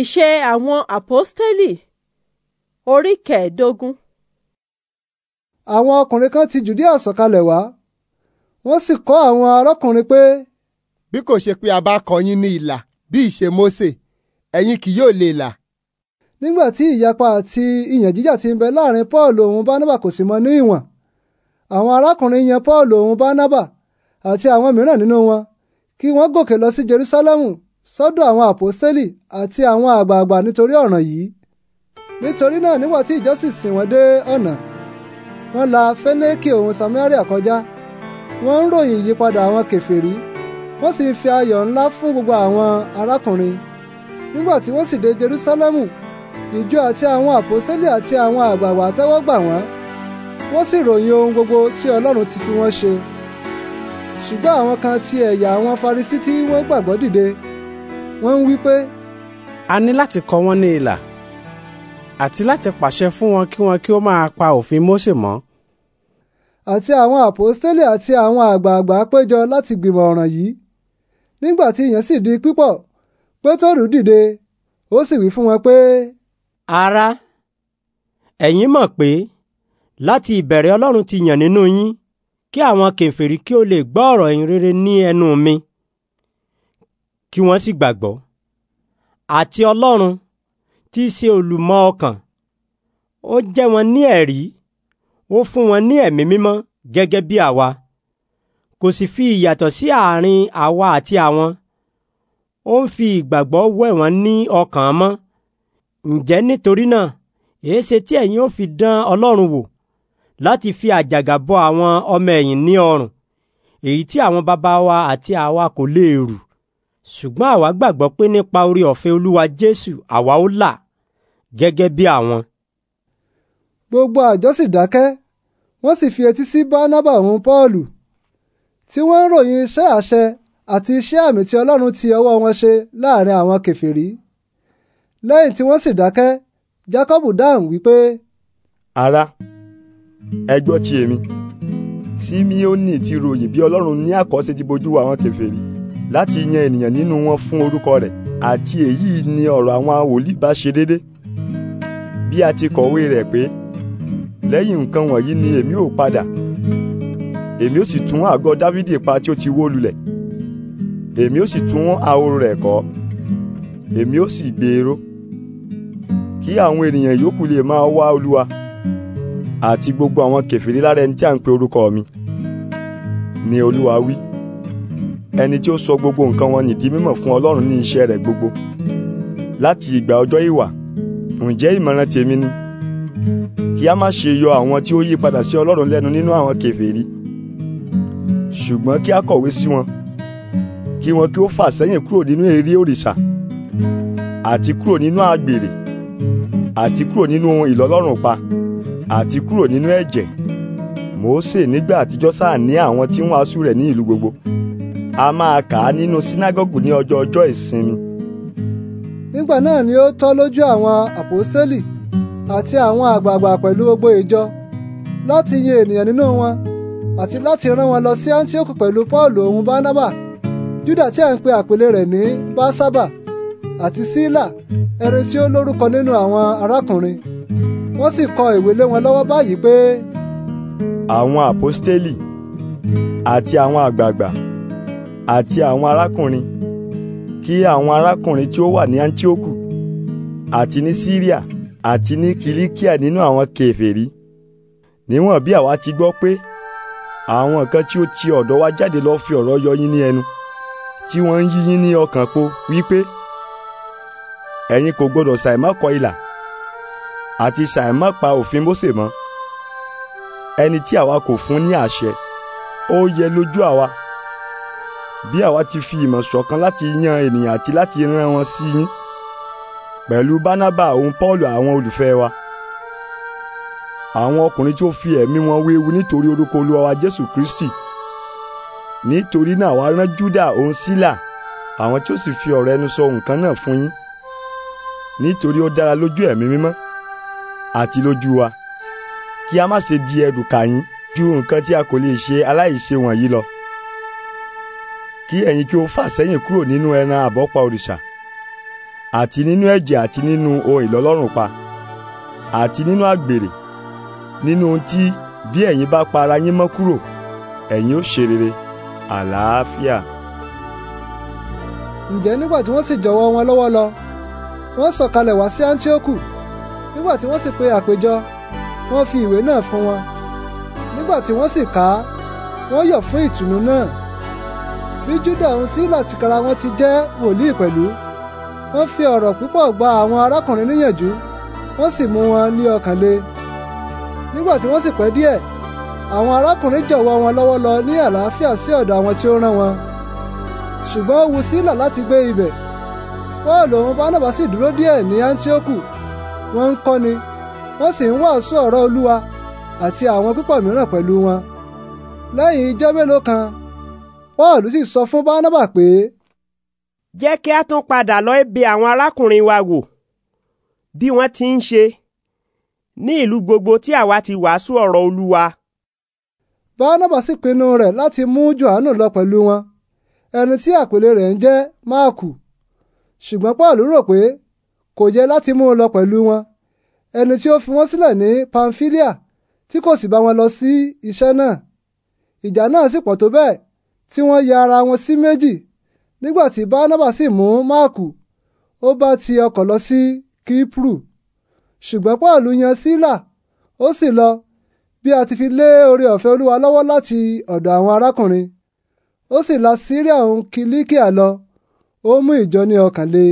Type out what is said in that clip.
Ìṣe àwọn Àpọ́stélì orí kẹẹ̀ẹ́dógún. Àwọn ọkùnrin kan ti Jùdíà sọ̀kalẹ̀ wá, wọ́n sì kọ́ àwọn arákùnrin pé. Bí kò ṣe pé a bá kọ yín ní ìlà bí ìṣe Mósè, ẹ̀yin kì yóò lè là. Nígbà tí ìyapa àti ìyàn jíjà ti ń bẹ láàrin Paul òun Bánábà kò sì mọ ní ìwọ̀n. Àwọn arákùnrin yan Paul òun Bánábà àti àwọn mìíràn nínú wọn kí wọ́n gòkè lọ sí Jerúsálẹ́mù sọ́dọ̀ àwọn àpọ́sẹ́lì àti àwọn àgbààgbà nítorí ọ̀ràn yìí nítorí náà nígbà tí ìjọ sì sìn wọ́n dé ọ̀nà wọ́n la fẹ́lẹ́kì òun samaria kọjá wọ́n ń ròyìn ìyípadà àwọn kèfèrí wọ́n sì ń fi ayọ̀ ńlá fún gbogbo àwọn arákùnrin nígbà tí wọ́n sì dé jerúsálẹ́mù ìjọ àti àwọn àpọ́sẹ́lì àti àwọn àgbààgbà tẹ́wọ́ gbà wọ́n wọ́n sì ròyìn ohun gbogbo tí ọlọ́run ti fi wọ́n ṣe ṣùgbọ́n àwọn kan ti ẹ̀yà àwọn farisí tí wọ́n gbàgbọ́ dìde wọ́n ń wí pé a ní láti kọ wọ́n ní ilà àti láti pàṣẹ fún wọn kí wọn kí ó máa pa òfin Mósè mọ́. àti àwọn àpòstélì àti àwọn àgbààgbà péjọ láti gbìmọ̀ ọ̀ràn yìí nígbà tí ìyẹn sì di pípọ̀ Pétérù dìde ó sì wí fún wọn pé. ará ẹ̀yin mọ̀ pé láti ìbẹ̀rẹ̀ Ọlọ́run ti yàn nínú yín kí àwọn kèfèrí kí ó lè gbọ́ ọ̀rọ̀ ìyìn rere ní ẹnu mi kí wọ́n sì gbàgbọ́ àti ọlọ́run tí í ṣe olùmọ̀ ọkàn ó jẹ́ wọn ní ẹ̀rí ó fún wọn ní ẹ̀mí mímọ́ gẹ́gẹ́ bí àwa kò sì fi ìyàtọ̀ sí àárín àwa àti àwọn ó ń fi ìgbàgbọ́ wẹ̀ wọ́n ní ọkàn mọ́ ǹjẹ́ nítorí náà èéṣe tí ẹ̀yin ó fi dán ọlọ́run wò láti fi àjàgà bọ àwọn ọmọ ẹ̀yìn ní ọrùn èyí tí àwọn bàbá wa àti àwa kò lè rù ṣùgbọ́n àwa gbàgbọ́ pé nípa orí ọ̀fẹ́ olúwa jésù àwa ó là gẹ́gẹ́ bí àwọn. gbogbo àjọ sì dákẹ́ wọ́n sì fi etí sí bánábà òun pọ́ọ̀lù tí wọ́n ń ròyìn iṣẹ́ àṣẹ àti iṣẹ́ àmì tí ọlọ́run ti ọwọ́ wọn ṣe láàrin àwọn kèfèrí lẹ́yìn tí wọ́n sì dákẹ́ jákọ́bù dáhùn wípé. ará ẹ gbọ́ ti èmi símíọ́nì ti ròyìn bí ọlọ́run ní àkọ́ṣe ti bojú àwọn kèfèrí láti yan ènìyàn nínú wọn fún orúkọ rẹ̀ àti èyí ni ọ̀rọ̀ àwọn wòlíì bá ṣe déédé bí a ti kọ̀wé rẹ̀ pé lẹ́yìn nǹkan wọ̀nyí ni èmi ò padà èmi ó sì tún àgọ́ dávidi pa tí ó ti wó lulẹ̀ èmi ó sì tún ahoro rẹ̀ kọ́ èmi ó sì gbèrò kí àwọn ènìyàn yòókù lè máa wá olúwa àti gbogbo àwọn kèfèrí lára ẹni tí à ń pe orúkọ mi ni olúwa wí ẹni tí ó sọ gbogbo nǹkan wọn nìdí mímọ̀ fún Ọlọ́run ní iṣẹ́ rẹ̀ gbogbo láti ìgbà ọjọ́ ìwà ǹjẹ́ ìmọ̀ràn tèmi ni kí a má ṣe yọ àwọn tí ó yí padà sí Ọlọ́run lẹ́nu nínú àwọn kèfèrí ṣùgbọ́n kí a kọ̀wé sí wọn kí wọn kí ó fà sẹ́yìn kúrò nínú eré òrìṣà àti kúrò nínú àgbèrè àti kúrò nínú ìlọ́lọ́rùn pa àti kúrò nínú ẹ̀jẹ̀ Mósè nígbà àtijọ́ sáà ní àwọn tí ń wàásù rẹ̀ ní ìlú gbogbo a máa kà á nínú sínágọ́gù ní ọjọ́ ọjọ́ ìsinmi. nígbà náà ni ó tọ́ lójú àwọn àpòstélì àti àwọn àgbààgbà pẹ̀lú gbogbo ìjọ láti yẹ ènìyàn nínú wọn àti láti rán wọn lọ sí Áńtíókù pẹ̀lú Pọ́ọ̀lù òun Bánábà Júdà tí a ń pe àpèlé rẹ̀ ní Básábà àti Sílà ẹni tí ó lórúkọ nínú àwọn arákùnrin wọ́n sì kọ ìwé lé wọn lọ́wọ́ báyìí pé. àwọn àpọ́stélì àti àwọn àgbààgbà àti àwọn arákùnrin kí àwọn arákùnrin tí ó wà ní Antioku àti ní Syria àti ní Kìlíkíà nínú àwọn kèfèrí níwọ̀n bí àwa ti gbọ́ pé àwọn kan tí ó ti ọ̀dọ̀ wa jáde lọ fi ọ̀rọ̀ yọ yín ní ẹnu tí wọ́n ń yí yín ní ọkàn po wípé ẹ̀yin kò gbọdọ̀ ṣàìmọ́ kọ ilà àti ṣàìmọ́ pa òfin Mósè mọ́ ẹni tí àwa kò fún ní àṣẹ ó yẹ lójú àwa bí àwa ti fi ìmọ̀ ṣọ̀kan láti yan ènìyàn àti láti rán wọn sí yín pẹ̀lú bánábà òun pọ́ọ̀lù àwọn olùfẹ́ wa àwọn ọkùnrin tí ó fi ẹ̀mí wọn wéwu nítorí orúkọ olúwa wa jésù kristi nítorí náà àwa rán júdà òun sílà àwọn tí ó sì fi ọ̀rọ̀ ẹnu sọ nǹkan náà fún yín nítorí ó dára lójú ẹ̀mí mímọ́ àti lójú wa kí a má ṣe di ẹrù kà ju nǹkan tí a kò lè ṣe aláìṣe wọ̀nyí lọ kí ẹ̀yin kí ó fà sẹ́yìn kúrò nínú ẹran àbọ́pa òrìṣà àti nínú ẹ̀jẹ̀ àti nínú ohun ìlọ́lọ́rùn pa àti nínú àgbèrè nínú ohun tí bí ẹ̀yin bá pa ara yín mọ́ kúrò ẹ̀yin ó ṣe rere àlàáfíà. ǹjẹ́ nígbà tí wọ́n sì jọ̀wọ́ wọn lọ́wọ́ lọ wọ́n sọ̀kalẹ̀ wá sí Áńtíókù nígbà tí wọ́n sì pe àpéjọ wọ́n fi ìwé náà fún wọn nígbà tí wọ́n sì kà á wọ́n yọ̀ fún ìtùnú náà bí Júdà òun Sílà tìkára wọn ti jẹ́ wòlíì pẹ̀lú wọ́n fi ọ̀rọ̀ púpọ̀ gba àwọn arákùnrin níyànjú wọ́n sì mú wọn ní ọkàn le nígbà tí wọ́n sì pẹ́ díẹ̀ àwọn arákùnrin jọ̀wọ́ wọn lọ́wọ́ lọ ní àlàáfíà sí ọ̀dọ̀ àwọn tí ó rán wọn ṣùgbọ́n ó wu Sílà láti gbé ibẹ̀ Pọ́ọ̀lù òun Bánábà sì dúró díẹ̀ ní Áńtíókù wọ́n ń kọ́ni wọ́n sì ń wàásù ọ̀rọ̀ Olúwa àti àwọn púpọ̀ mìíràn pẹ̀lú wọn lẹ́yìn ijọ́ mélòó kan paul sì sọ fún barnaba pé. jẹ́ kí a tún padà lọ bẹ̀ àwọn arákùnrin wa wò bí wọ́n ti ń ṣe ní ìlú gbogbo tí àwa ti wàásù ọ̀rọ̀ olúwa. barnaba sì pinnu rẹ̀ láti mú johannu lọ pẹ̀lú wọn ẹni tí àpèlé rẹ̀ ń jẹ́ máàkù ṣùgbọ́n paul rò pé kò yẹ láti mú un lọ pẹ̀lú wọn ẹni tí ó fi wọ́n sílẹ̀ ní pamfilia tí kò sì bá wọn lọ sí iṣẹ́ náà ìjà náà sì pọ̀ tó bẹ́ẹ̀ tí wọ́n ya ara wọn sí méjì nígbà tí bánábà sì mú máàkù ó bá ti ọkọ̀ lọ sí kíprù ṣùgbọ́n pọ́ọ̀lù yan sílà ó sì lọ bí a ti fi lé oore ọ̀fẹ́ olúwa lọ́wọ́ láti ọ̀dọ̀ àwọn arákùnrin ó sì la síríà òun kìlíkìà lọ ó mú ìjọ ní ọkàn le.